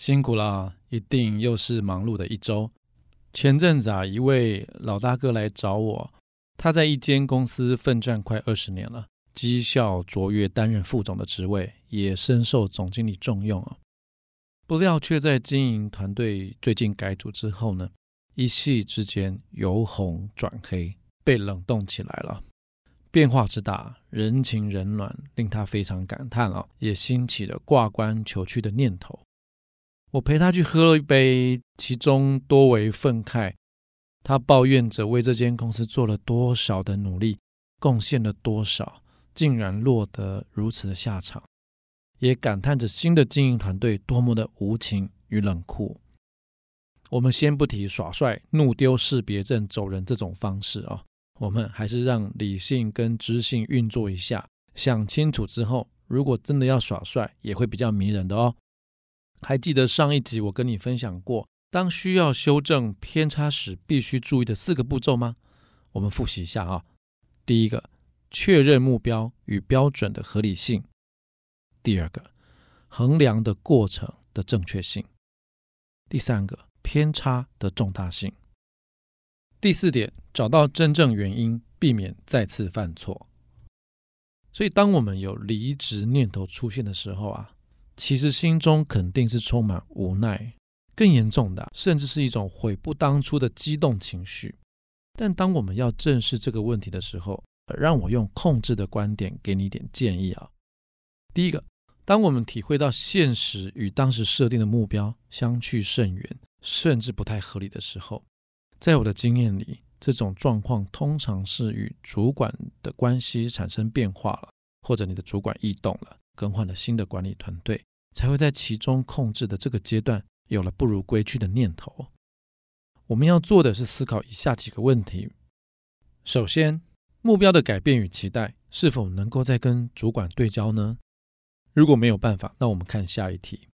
辛苦啦，一定又是忙碌的一周。前陣子啊，一位老大哥來找我，他在一間公司奮戰快二十年了，績效卓越，擔任副總的職位，也深受總經理重用啊。不料卻在經營團隊最近改組之後呢，一夕之間由紅轉黑，被冷凍起來了。變化之大，人情冷暖，令他非常感嘆啊，也興起了掛冠求去的念頭。我陪他去喝了一杯，其中多為憤慨。他抱怨着為這間公司做了多少的努力，貢獻了多少，竟然落得如此的下場，也感嘆着新的經營團隊多麼的無情與冷酷。我們先不提耍帥，怒丟識別證，走人這種方式哦，我們還是讓理性跟知性運作一下，想清楚之後，如果真的要耍帥，也會比較迷人的哦。還記得上一集我跟你分享過，當需要修正偏差時，必須注意的四個步驟嗎？我們複習一下啊。第一個，確認目標與標準的合理性；第二個，衡量的過程的正確性；第三個，偏差的重大性；第四點，找到真正原因，避免再次犯錯。所以，當我們有離職念頭出現的時候啊。其實心中肯定是充滿無奈，更嚴重的甚至是一種悔不當初的激動情緒。但當我們要正視這個問題的時候，讓我用控制的觀點給你一點建議啊。第一個，當我們體會到現實與當時設定的目標相去甚遠，甚至不太合理的時候，在我的經驗裡，這種狀況通常是與主管的關係產生變化了，或者你的主管異動了，更換了新的管理團隊。才會在其中控制的這個階段，有了不如歸去的念頭。我們要做的是思考以下幾個問題：首先，目標的改變與期待是否能夠再跟主管對焦呢？如果沒有辦法，那我們看下一題：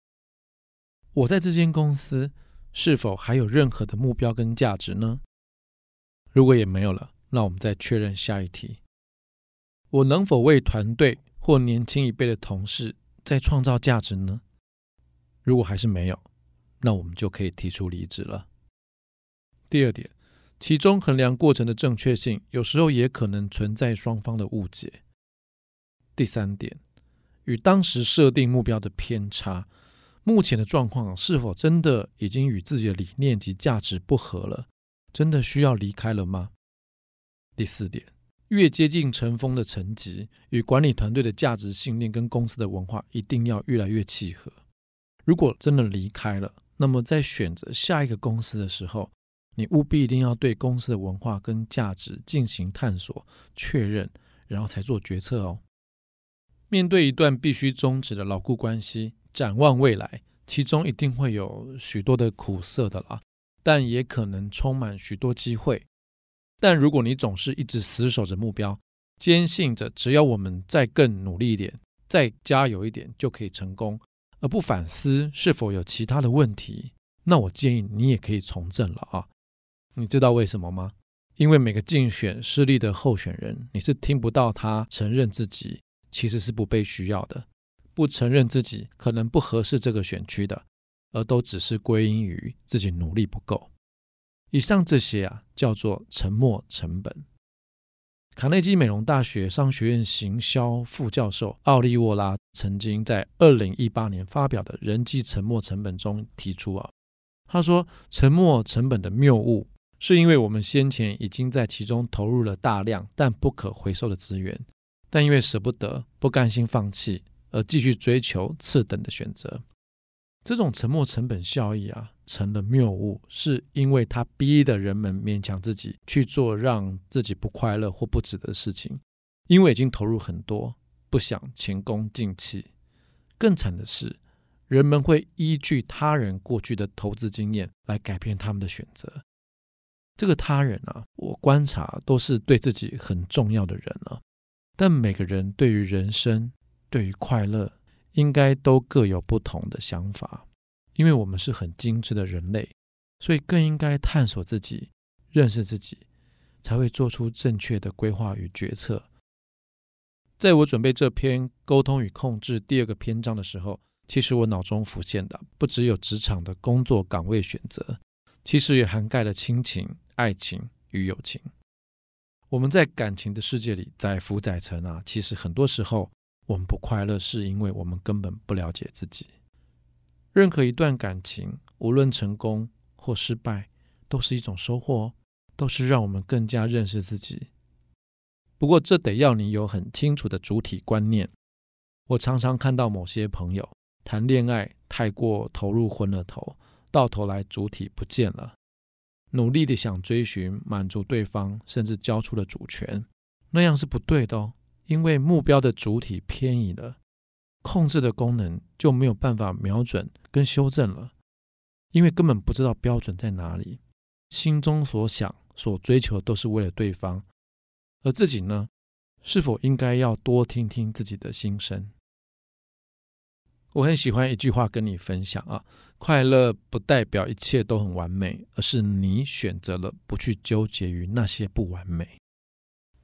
我在這間公司是否還有任何的目標跟價值呢？如果也沒有了，那我們再確認下一題：我能否為團隊或年輕一輩的同事？在創造價值呢？如果還是沒有，那我們就可以提出離職了。第二點，其中衡量過程的正確性，有時候也可能存在雙方的誤解。第三點，與當時設定目標的偏差，目前的狀況是否真的已經與自己的理念及價值不合了，真的需要離開了嗎？第四點，越接近塵封的層級與管理團隊的價值信念跟公司的文化，一定要越來越契合。如果真的離開了，那麼在選擇下一個公司的時候，你務必一定要對公司的文化跟價值進行探索、確認，然後才做決策哦。面對一段必須終止的勞雇關係，展望未來，其中一定會有許多的苦澀的啦，但也可能充滿許多機會。但如果你總是一直死守着目標，堅信着只要我們再更努力一點，再加油一點就可以成功，而不反思是否有其他的問題，那我建議你也可以從政了啊！你知道為什麼嗎？因為每個競選失利的候選人，你是聽不到他承認自己其實是不被需要的，不承認自己可能不合適這個選區的，而都只是歸因於自己努力不夠。以上這些啊，叫做沉沒成本。卡內基美隆大學商學院行銷副教授奧利沃拉曾經在二零一八年發表的《人際沉沒成本》中提出啊，他說：“沉沒成本的謬誤，是因為我們先前已經在其中投入了大量但不可回收的資源，但因為捨不得、不甘心放棄，而繼續追求次等的選擇。”這種沉沒成本效益啊，成了謬誤，是因為它逼得人們勉強自己去做讓自己不快樂或不值得的事情，因為已經投入很多，不想前功盡棄。更慘的是，人們會依據他人過去的投資經驗來改變他們的選擇。這個他人啊，我觀察都是對自己很重要的人啊，但每個人對於人生，對於快樂，應該都各有不同的想法，因為我們是很精致的人類，所以更應該探索自己、認識自己，才會做出正確的規劃與決策。在我準備這篇溝通與控制第二個篇章的時候，其實我腦中浮現的不只有職場的工作崗位選擇，其實也涵蓋了親情、愛情與友情。我們在感情的世界裡，載浮載沉啊，其實很多時候。我們不快樂，是因為我們根本不了解自己。任何一段感情，無論成功或失敗，都是一種收穫，都是讓我們更加認識自己。不過，這得要你有很清楚的主體觀念。我常常看到某些朋友談戀愛太過投入，昏了頭，到頭來主體不見了，努力的想追尋滿足對方，甚至交出了主權，那樣是不對的哦。因為目標的主體偏移了，控制的功能就沒有辦法瞄準跟修正了，因為根本不知道標準在哪裡。心中所想、所追求都是為了對方，而自己呢，是否應該要多聽聽自己的心聲？我很喜歡一句話跟你分享啊：快樂不代表一切都很完美，而是你選擇了不去糾結於那些不完美。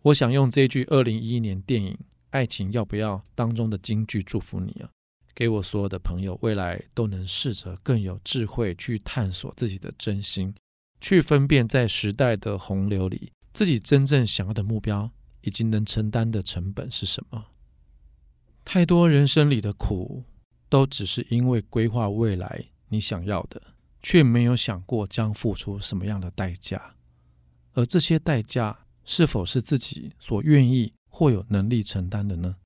我想用這句二零一一年電影《愛情要不要》當中的金句祝福你啊，給我所有的朋友，未來都能試着更有智慧去探索自己的真心，去分辨在時代的洪流裡，自己真正想要的目標以及能承擔的成本是什麼。太多人生裡的苦，都只是因為規劃未來你想要的，卻沒有想過將付出什麼樣的代價，而這些代價。是否是自己所願意或有能力承擔的呢？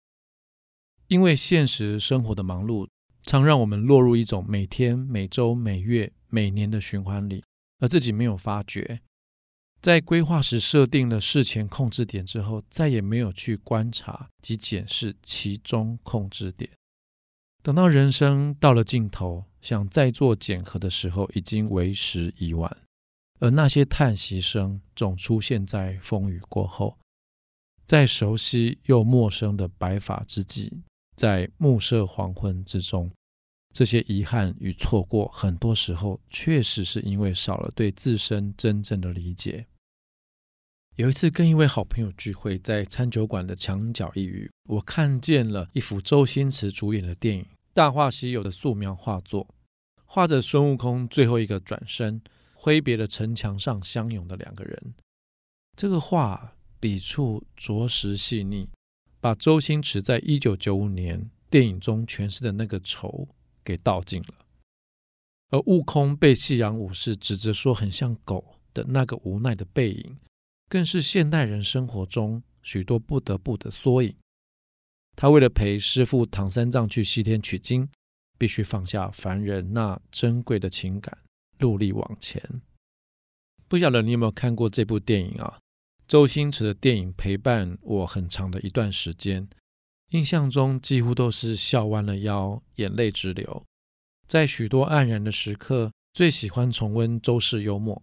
因為現實生活的忙碌，常讓我們落入一種每天、每周、每月、每年的循環裡，而自己沒有發覺。在規劃時設定了事前控制點之後，再也沒有去觀察及檢視其中控制點。等到人生到了盡頭，想再做檢核的時候，已經為時已晚。而那些嘆息聲總出現在風雨過後，在熟悉又陌生的白髮之際，在暮色黃昏之中，這些遺憾與錯過，很多時候確實是因為少了對自身真正的理解。有一次跟一位好朋友聚會，在餐酒館的牆角一隅，我看見了一幅周星馳主演的電影《大話西遊》的素描畫作，畫着孫悟空最後一個轉身。揮別的城牆上相擁的兩個人，這個畫筆觸着實細膩，把周星馳在一九九五年電影中詮釋的那個愁給道盡了。而悟空被夕陽武士指着說很像狗的那個無奈的背影，更是現代人生活中許多不得不的縮影。他為了陪師傅唐三藏去西天取經，必須放下凡人那珍貴的情感。努力往前。不曉得你有沒有看過這部電影啊？周星馳的電影陪伴我很長的一段時間，印象中幾乎都是笑彎了腰，眼淚直流。在許多黯然的時刻，最喜歡重溫周氏幽默。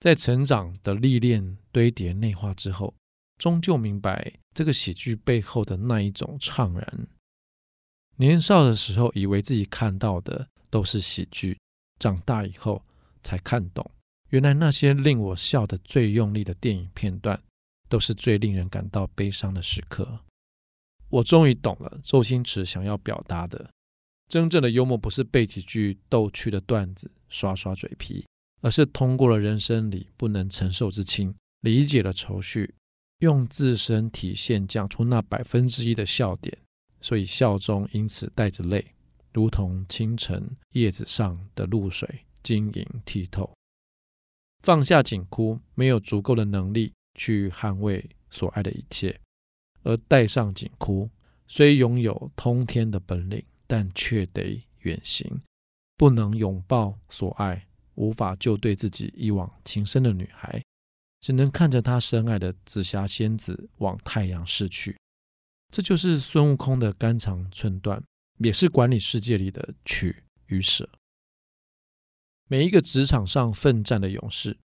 在成長的歷練堆疊內化之後，終究明白這個喜劇背後的那一種悵然。年少的時候，以為自己看到的都是喜劇。長大以後才看懂，原來那些令我笑得最用力的電影片段，都是最令人感到悲傷的時刻。我終於懂了周星馳想要表達的：真正的幽默不是背幾句逗趣的段子刷刷嘴皮，而是通過了人生裡不能承受之輕，理解了愁緒，用自身體現講出那百分之一的笑點，所以笑中因此帶着淚。如同清晨葉子上的露水，晶瑩剔透。放下緊箍，沒有足夠的能力去捍衛所愛的一切；而戴上緊箍，雖擁有通天的本領，但卻得遠行，不能擁抱所愛，無法救對自己一往情深的女孩，只能看着她深愛的紫霞仙子往太陽逝去。這就是孫悟空的肝腸寸斷。也是管理世界裡的取與舍。每一個職場上奮戰的勇士，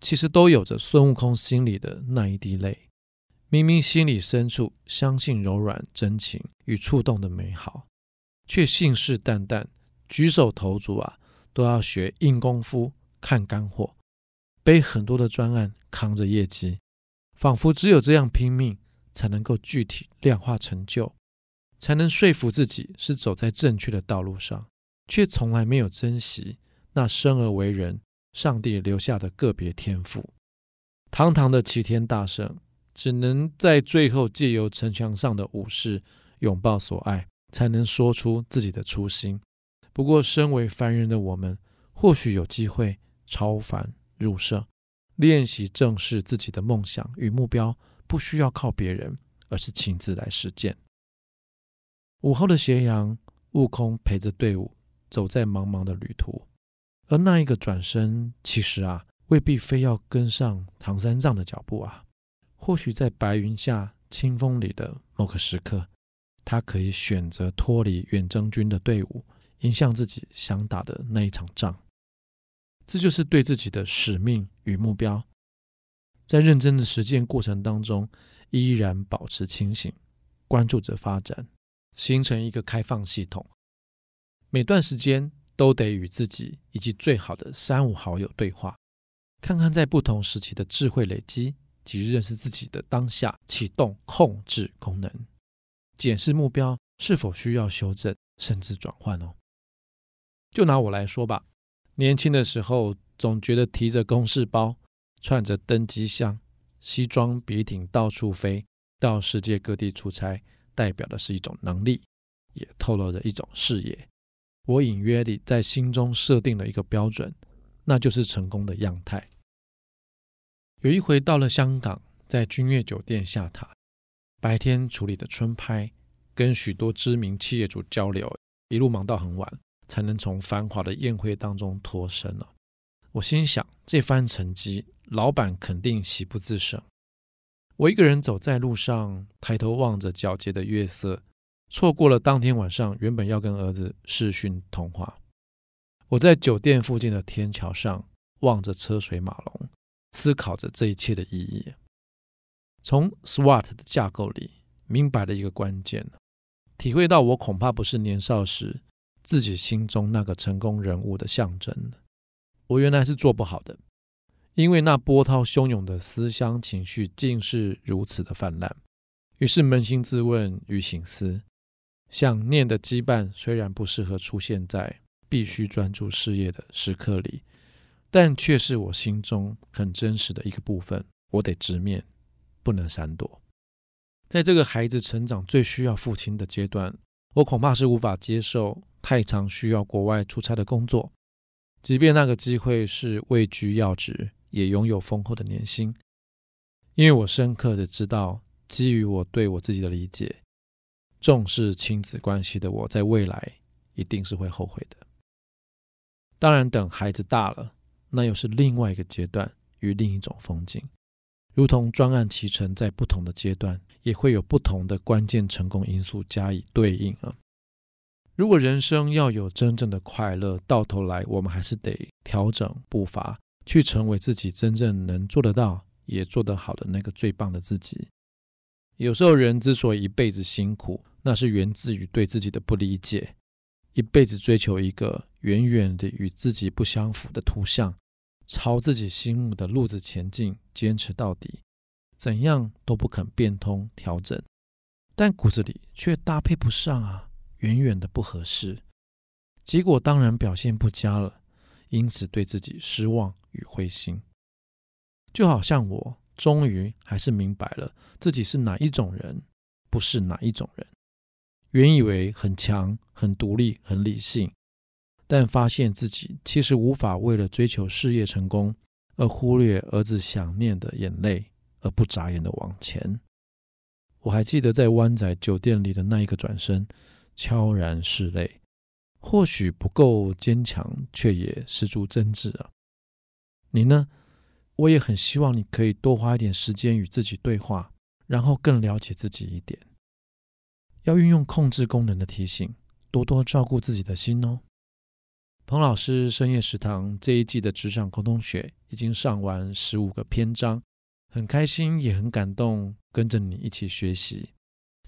其實都有着孫悟空心裡的那一滴淚。明明心裡深處相信柔軟真情與觸動的美好，卻信誓旦旦、舉手投足啊都要學硬功夫、看乾貨、背很多的專案、扛着業績，仿佛只有這樣拼命，才能夠具體量化成就。才能說服自己是走在正確的道路上，卻從來沒有珍惜那生而為人上帝留下的個別天賦。堂堂的齊天大聖，只能在最後借由城牆上的武士擁抱所愛，才能說出自己的初心。不過，身為凡人的我們，或許有機會超凡入聖，練習正視自己的夢想與目標，不需要靠別人，而是親自來實踐。午後的斜陽，悟空陪着隊伍走在茫茫的旅途。而那一個轉身，其實啊，未必非要跟上唐三藏的腳步啊。或許在白雲下、清風裡的某個時刻，他可以選擇脫離遠征軍的隊伍，迎向自己想打的那一場仗。這就是對自己的使命與目標，在認真的實踐過程當中，依然保持清醒，關注着發展。形成一個開放系統，每段時間都得與自己以及最好的三五好友對話，看看在不同時期的智慧累積，及認識自己的當下，啟動控制功能，檢視目標是否需要修正，甚至轉換哦。就拿我來說吧，年輕的時候總覺得提着公事包，串着登機箱，西裝筆挺到處飛，到世界各地出差，代表的是一種能力，也透露着一種視野。我隱約地在心中設定了一個標準，那就是成功的樣態。有一回到了香港，在君悅酒店下榻，白天處理的春拍，跟許多知名企業主交流，一路忙到很晚，才能從繁華的宴會當中脫身了。我心想，這番成績，老闆肯定喜不自勝。我一個人走在路上，抬頭望着皎潔的月色，錯過了當天晚上原本要跟兒子視訊通話。我在酒店附近的天橋上望着車水馬龍，思考着這一切的意義。從 SWAT 的架構裡明白了一個關鍵，體會到我恐怕不是年少時自己心中那個成功人物的象徵。我原來是做不好的。因為那波濤洶湧的思鄉情緒竟是如此的泛濫，於是捫心自問與省思，想念的羈絆雖然不適合出現在必須專注事業的時刻裡，但卻是我心中很真實的一個部分。我得直面，不能閃躲。在這個孩子成長最需要父親的階段，我恐怕是無法接受太常需要國外出差的工作，即便那個機會是位居要職。也擁有豐厚的年薪，因為我深刻的知道，基於我對我自己的理解，重視親子關係的我在未來一定是會後悔的。當然，等孩子大了，那又是另外一個階段與另一種風景，如同專案期程，在不同的階段也會有不同的關鍵成功因素加以對應啊。如果人生要有真正的快樂，到頭來我們還是得調整步伐。去成為自己真正能做得到、也做得好的那個最棒的自己。有時候，人之所以一輩子辛苦，那是源自於對自己的不理解，一輩子追求一個遠遠的與自己不相符的圖像，朝自己心目的路子前進，堅持到底，怎樣都不肯變通調整，但骨子裡卻搭配不上啊，遠遠的不合適，結果當然表現不佳了。因此，對自己失望與灰心，就好像我終於還是明白了自己是哪一種人，不是哪一種人。原以為很強、很獨立、很理性，但發現自己其實無法為了追求事業成功而忽略兒子想念的眼淚，而不眨眼的往前。我還記得在灣仔酒店裡的那一個轉身，悄然拭淚。或許不夠堅強，卻也十足真摯啊！你呢？我也很希望你可以多花一點時間與自己對話，然後更了解自己一點。要運用控制功能的提醒，多多照顧自己的心哦。彭老師聲夜時堂這一季的職場溝通學已經上完十五個篇章，很開心也很感動，跟着你一起學習。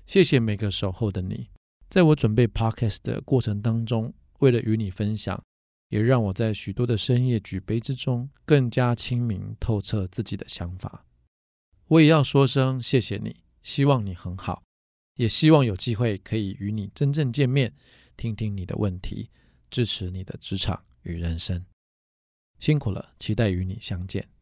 謝謝每個守候的你。在我準備 Podcast 的過程當中，為了與你分享，也讓我在許多的深夜舉杯之中更加清明透徹自己的想法，我也要說聲謝謝你。希望你很好，也希望有機會可以與你真正見面，聽聽你的問題，支持你的職場與人生。辛苦了，期待與你相見。